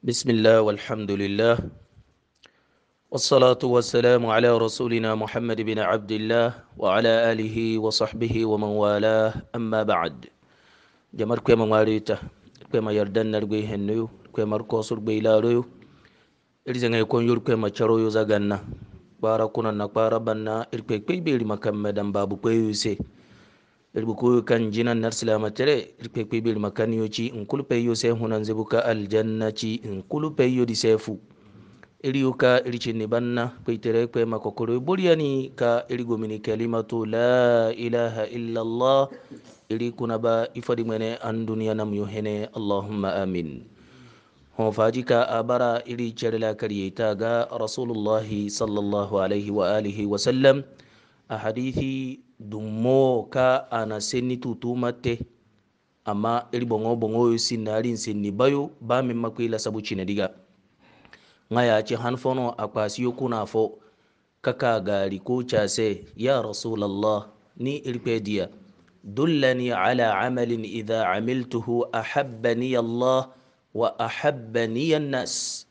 بسم الله والحمد لله والصلاة والسلام على رسولنا محمد بن عبد الله وعلى آله وصحبه ومن والاه أما بعد جمر كما ماريتا كما يردن نرغي هنيو كما ركوسر بيلاريو إرزان يكون يور كما چرو يوزا بارا كنا نقبارا بنا إركوي كوي بيري مكمدن بابو كوي يوسي irguku kan jinan nar silamatere irkpekpe bir makaniyo ci inkulpeyo se hunan zebuka aljanna ci inkulpeyo di sefu iriyu ka ircinni banna kpeitere kpe makokoro boriyani ka irigomini kalimatu la ilaha illallah iri kunaba ifadi mene an duniya namyo hene allahumma amin hon faji ka abara iri cerela kariyeta ga rasulullahi sallallahu alaihi wa alihi wa sallam ahadithi dumo ka ana senni tutuma mate ama iri bongo bongo yu sinna ari senni bayo ba min makwe la sabu chine diga nga ya ci hanfono akwasi yoku kuna fo kaka gari ko case ya rasulallah ni ilpedia dullani ala amalin idha amiltuhu ahabbani allah wa ahabbani an-nas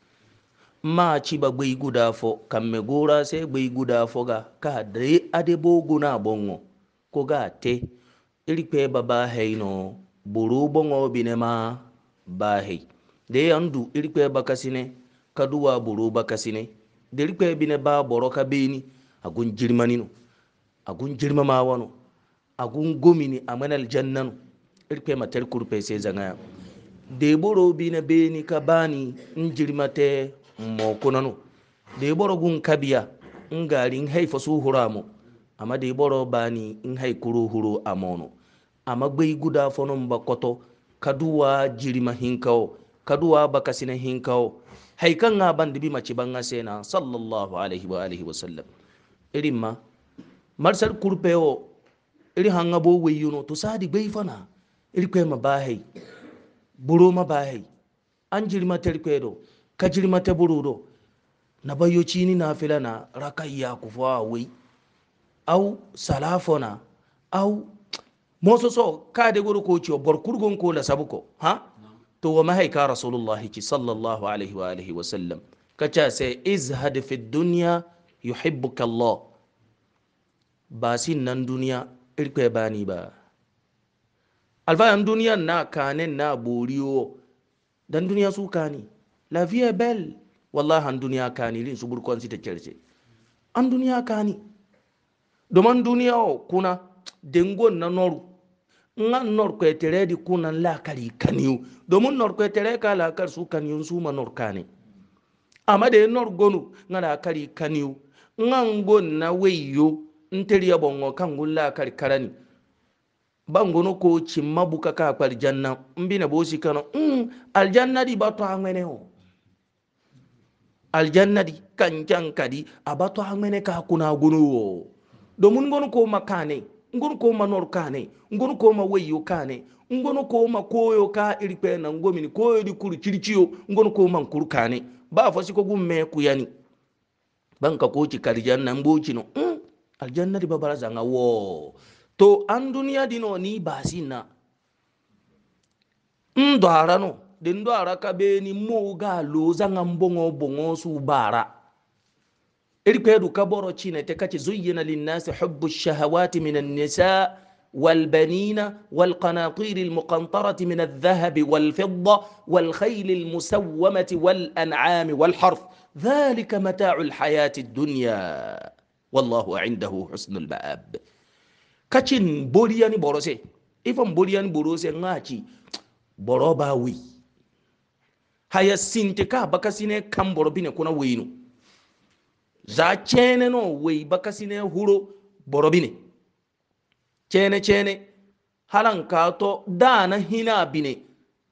ma ci ba gbai guda fo kan me gora sai gbai guda fo ga ka dai adebo guna bongo ko ga te irikpe baba heino buru bongo bine ma ba hei de andu irikpe bakasine kaduwa buru bakasine de irikpe bine ba boro ka beni agun jirmanino agun jirma ma wano agun gomini amanal jannano irikpe matar kurpe sai zanga de boro bine beni ka bani in jirmate mo da de boro gun kabiya ngari in haifa su huramu amma de boro bani in hai huru huro amono amma gbai guda fonon bakoto kaduwa jirima hinkawo kaduwa bakasina hinkawo haikan nga ban dibi mace ban asena sallallahu alaihi wa alihi wa sallam irin ma marsar kurpewo irin hanga bo weyuno to sadi gbai fana irin kwe ma bahai buro ma bahai an jirima terkwedo jirma ta bururo na bayo cini na fila na raka iya kufuwa wai au salafona au moso so ka da goro ko ciwo bor ko la sabuko ha to wa mahai ka rasulullahi ci sallallahu alaihi wa alihi wa sallam Ka ce sai izhad fi dunya yuhibbuka Ba sin nan duniya irkwe bani ba alfayan duniya na kanen na boriyo dan duniya su kani la vie est belle wallahi an duniya kani lin subur kon ta cerce an duniya kani domin duniya o kuna dengon na noru nga nor ko etere di kuna la kari kaniu domin nor ko etere ka la kar su kaniu su ma nor kani amma de nor gonu nga la kari kaniu nga ngon na weyo nteri ya bongo kangul la kari karani bangono ko cimma buka ka ko aljanna mbina bosi kano mm, aljanna di bato angwene o aljanna di kancan kadi a abato hangmene ka kuna gunu wo domin gonu ko makane ngonu ko manor kane ngonu ko ma wayo kane ngonu ko ma koyo ka irpe na ngomini koyo di kuru circiyo ngonu ko man kuru kane ba fasi ko gumme kuyani banka ko ci karjanna mboci no mm, aljanna di babara zanga wo to an duniya dino ni basina mm, dwarano den do araka beni moga loza ngambongo bongo subara irikwedu kaboro chine tekachi zuyyina linnasi hubbu shahawati minan nisa والبنين والقناطير المقنطرة من الذهب والفضة والخيل المسومة والأنعام والحرث ذلك متاع الحياة الدنيا والله عنده حسن المآب كاتشين بوليان بوروسي إفن بوليان بوروسي ناتشي بوروباوي haya sinti ka bakasine kamboro bine kuna weinu za chene no wei bakasine huro borobine chene chene halan ka to dana hina bine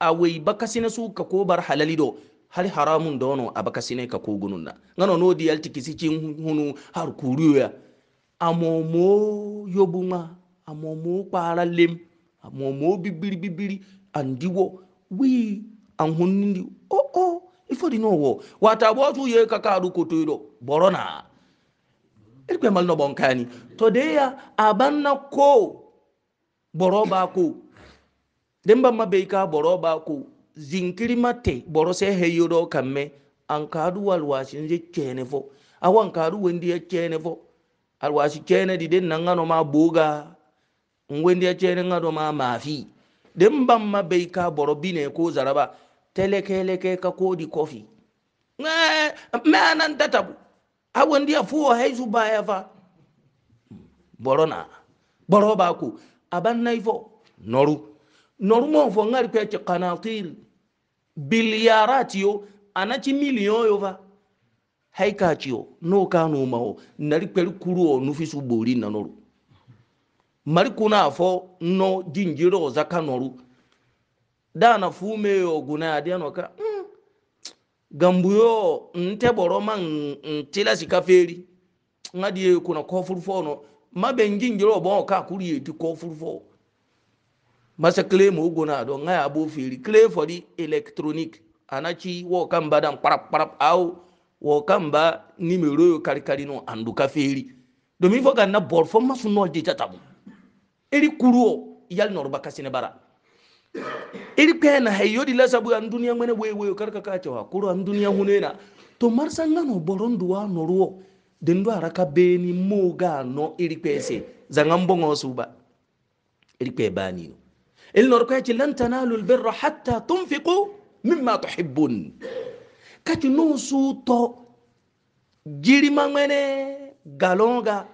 a wei bakasine su ka ko bar halali do hali haramun dono a bakasine ka ko gununa na ngano no di yalti kisi cin hunu har kuriya amomo yobuma amomo paralem amomo bibiri bibiri andiwo wii an hunnindi o oh, o oh, il faut di nowo wata botu ye kakaru kotoyɗo borona e irkwe mal no bonkani to deya abanna ko boro ba ko den bamma bey ka boro ba ko zinkiri matte boro se heyoɗo kamme an kaadu walwasinje cene fo awan kaadu wendiya cene fo alwasi cene di den nangano ma boga wendiya cene ngano ma mafi den bamma bey ka boro bine ko zaraba telekeleke ka kodi kofi me anan tatabu awon dia fuwo haizu baya fa borona boro ba ku aban naifo noru noru mo fo ngari pe ci qanatir biliyarati yo anaci miliyon yo fa haika ci yo no kanu ma o nari pe kuru o nufisu bori na noru mari kuna fo no jinjiro zaka noru da na fume yo guna adiya no ka mm. gambuyo nte boro man ntila sikaferi ngadi kuna kofurfo no mabe ngingiro bo ka kuri eti kofurfo masa claim ogona do ngaya abo feri claim for the electronic anachi wo kan badan parap parap au wo kan ba ni y'o kari-kari no andu kaferi domin fo kan na borfo masu no de tatabu eri kuruo yal norba kasine bara iri kpena hayodi la sabu an duniya mene wewe karka ka cewa kuro an duniya hunena to marsanga no boron duwa noruo den do araka beni moga no iri kpese zangan su ba iri bani no il nor ko ci lan tanalu al birra hatta tunfiqu mimma tuhibbun kati no su to jiri mangmene galonga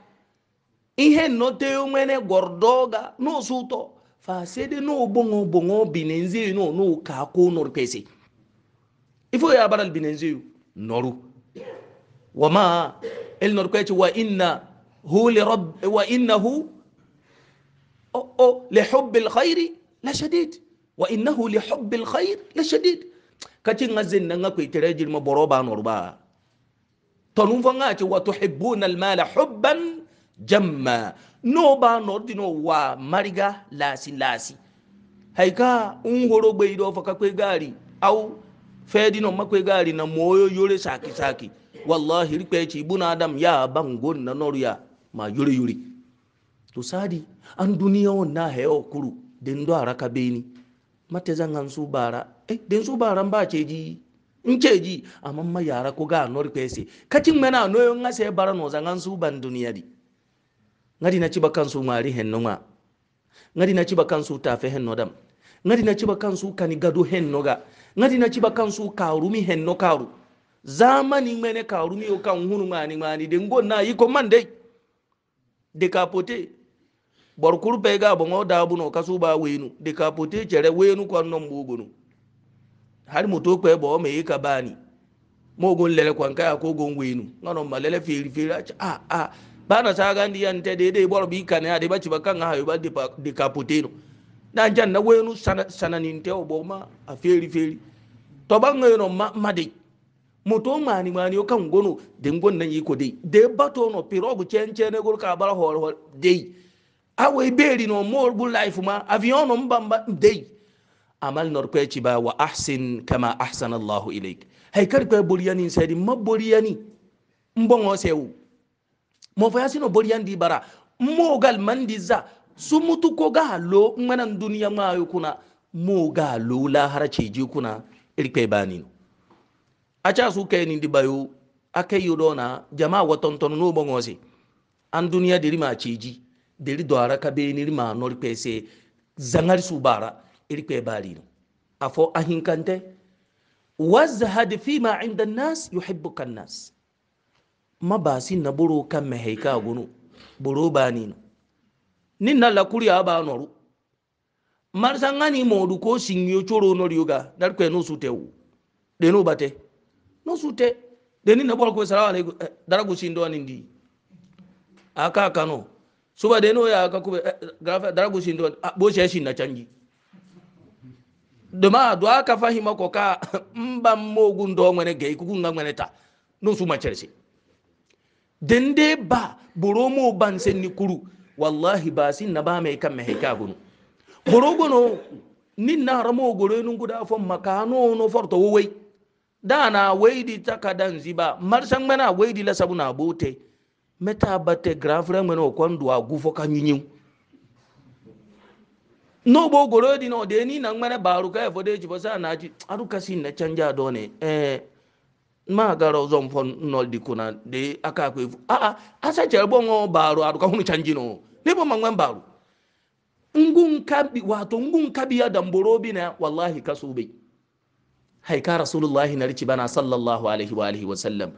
ihe no teo mene gordoga no su to fa sede no bongo bongo binenze no no ka ko nor pese ifo ya baral binenze noru wama el nor ko wa inna hu li rabb wa innahu o o li hubb al khair la shadid wa innahu li hubb al khair la shadid kati ngazin nga ko terejil mo boroba nor ba tonun fo ngati wa tuhibbuna al mala hubban jamma no ba nordino wa mariga lasi lasi haika un horo bai do faka kwe gari au fedino makwe gari na moyo yore saki saki wallahi rikpe ci buna adam ya bangon na noruya ma yure yuri to sadi an duniya na hayo kuru den do araka beni mate zangan su bara eh den su bara ba ce ji in ce ji amma ma yara ko ga nor pese kacin mena noyon ase bara no zangan su ban duniya di ngadi na ciba kansu mari henno ma ngadi na ciba kansu tafe henno dam ngadi na ciba kansu kani gado henno ga ngadi na ciba kansu karumi henno karu zamani mene karumi yo kan hunu mani mani de ngon na yiko mande de kapote bor kurpe ga bongo bu no kasu ba wenu de kapote jere wenu kon no mbugunu har moto pe bo me ka bani mogun lele kwanka ko gon wenu ngano malele firi firi a a ah, ah. bana sagandi yante dede boro bi kan ya de ba ci ba ba kan de capoteno dan jan na wenu te o boma a feri feri to banga no ma made moto mani mani o kan gono de ngon nan ko de de bato no pirogu ne gol ka bara hol hol de awe beri no mor bu life ma avion no mbamba de amal nor ci ba wa ahsin kama ahsana allah ilayk hay kar ko boliyani sadi maboliyani mbongo sewu mo sino yasino di bara mogal mandiza sumutu ko ga lo manan duniya mayo kuna moga lo la harace ji kuna irke bani a ca su kai ni dibayo akai yodona jama'a watonton no bongosi an duniya diri ma ceji diri dora ka be niri ma nor pese zangar su bara irke bari no afo ahinkante wazhad fi ma inda nas yuhibbuka nas ma basi na buru ka mehe ka gunu buru ba ni no nin na lakuri b'a noru mar sangani modu ko singyo choro no riuga dar ko no sute wu de no bate no te de ni na bol ko salawa alaikum eh, daragu do ni ndi aka kano suba de no ya aka ku eh, grafa daragu do ah, bo she na canji dama do aka fahima ko ka mba mogun do ngene ge ku ngene ta no su ma chelsea dende ba boromo ban ni kuru wallahi ba sin na ba mai kan mai ka gunu borogono nin na ramo gore nun guda fon makano no forto wowai dana waidi takadan ziba marsan mana di la na bote meta bate grafre mena kwandu agufo nyinyu no bo gore di no de ni na mena baruka efode jibosa na ji aruka sin na canja done eh ma garo zon fon nol di kuna de aka kwe a a asa chere bongo baro aru ka hunu chanjino ne bo mangwan baro ngun kabi wato ngun kabi ya damborobi na wallahi kasube hay ka rasulullahi na rici bana sallallahu alaihi wa alihi wa sallam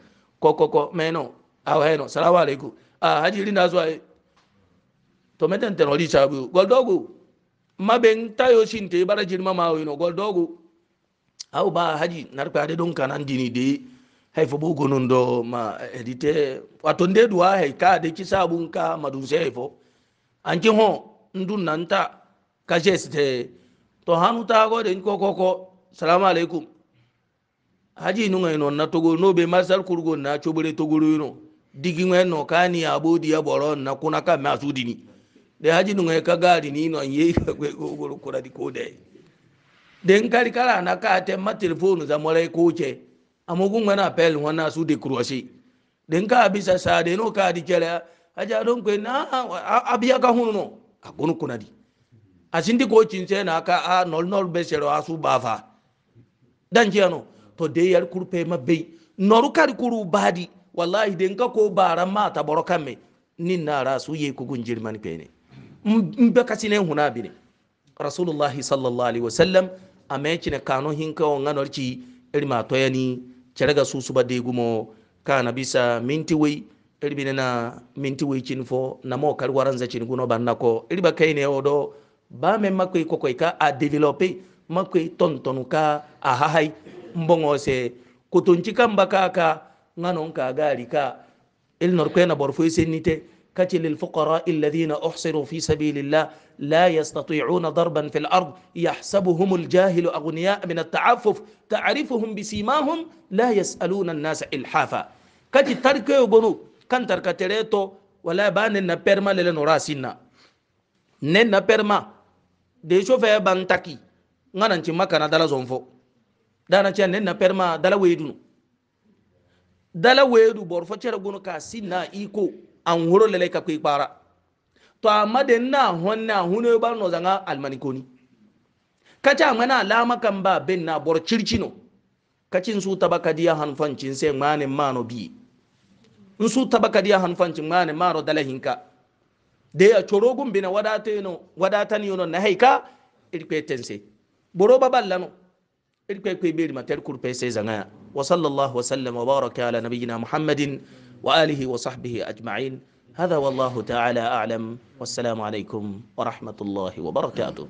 meno awa heno salamu alaikum a haji rinda zuwa e. to meten ten ori chabu goldogo maben tayo shinte bara jirma mawo no au ba haji narka de don kanan dini de hay fo ɓugo non do ma edite wato nde duwa hay ka de kisabun ka madun se hay fo anki ho ndun nanta ka jeste to hanu tago de ko ko ko salamu alaikum haji nu ngai non na togo no be masal kurgo na chobure toguru no digi ngai no kani abodi ya boron na kuna ka masudi ni de haji nu ngai ka gari ni no ye ka go go kura di kode den kari kala na ka te ma telefonu za morai ko ce amogun ngana pel wana su de croatie den ka bisa sa de no ka di kele aja don ko na abiya ka huno agonu kunadi asindi ko cinse na ka a nol nol sero asu bafa dan jiano to de yar kurpe ma bei noru kari kuru badi wallahi den ka ko bara ma ta borokan me nin na rasu ye ku gunjir man pene mbe kasine huna bine rasulullahi sallallahu alaihi wasallam amecine kano hinka o nganorci irma toyani kyarga gumo ka kana bisa minti wei na minti wei cin fo namo kar waranza cin guno bannako iriba ne odo ba men makoy kokoy ka a développer makoy tontonu ka a hahai mbongo se kotonci kamba kaka nganon ka gari ka il na borfoy senite كتل الفقراء الذين أحصروا في سبيل الله لا يستطيعون ضربا في الأرض يحسبهم الجاهل أغنياء من التعفف تعرفهم بسيماهم لا يسألون الناس إلحافا كتي تركي يبنو كان تركتريتو ولا بان نبرما للنوراسنا نن نبرما دي شوفي بانتاكي ngana nci makana dala zonfo dana ci nen na perma dala wedu dala wedu bor fo cere gono ka sinna iko an horo lele ka kai fara to amma da na honna huno bar no zanga almani koni kaca mana alama kan ba bin na bor circino kacin su ka diya hanfancin sai manin mano bi in su ka diya hanfancin manin maro dalahinka da ya coro gumbi na wadatan yono na haika irkweten sai boro baballano irkwekwe beri matar kurfe sai zanga wa sallallahu wa wa baraka ala nabiyina muhammadin وآله وصحبه أجمعين هذا والله تعالى أعلم والسلام عليكم ورحمة الله وبركاته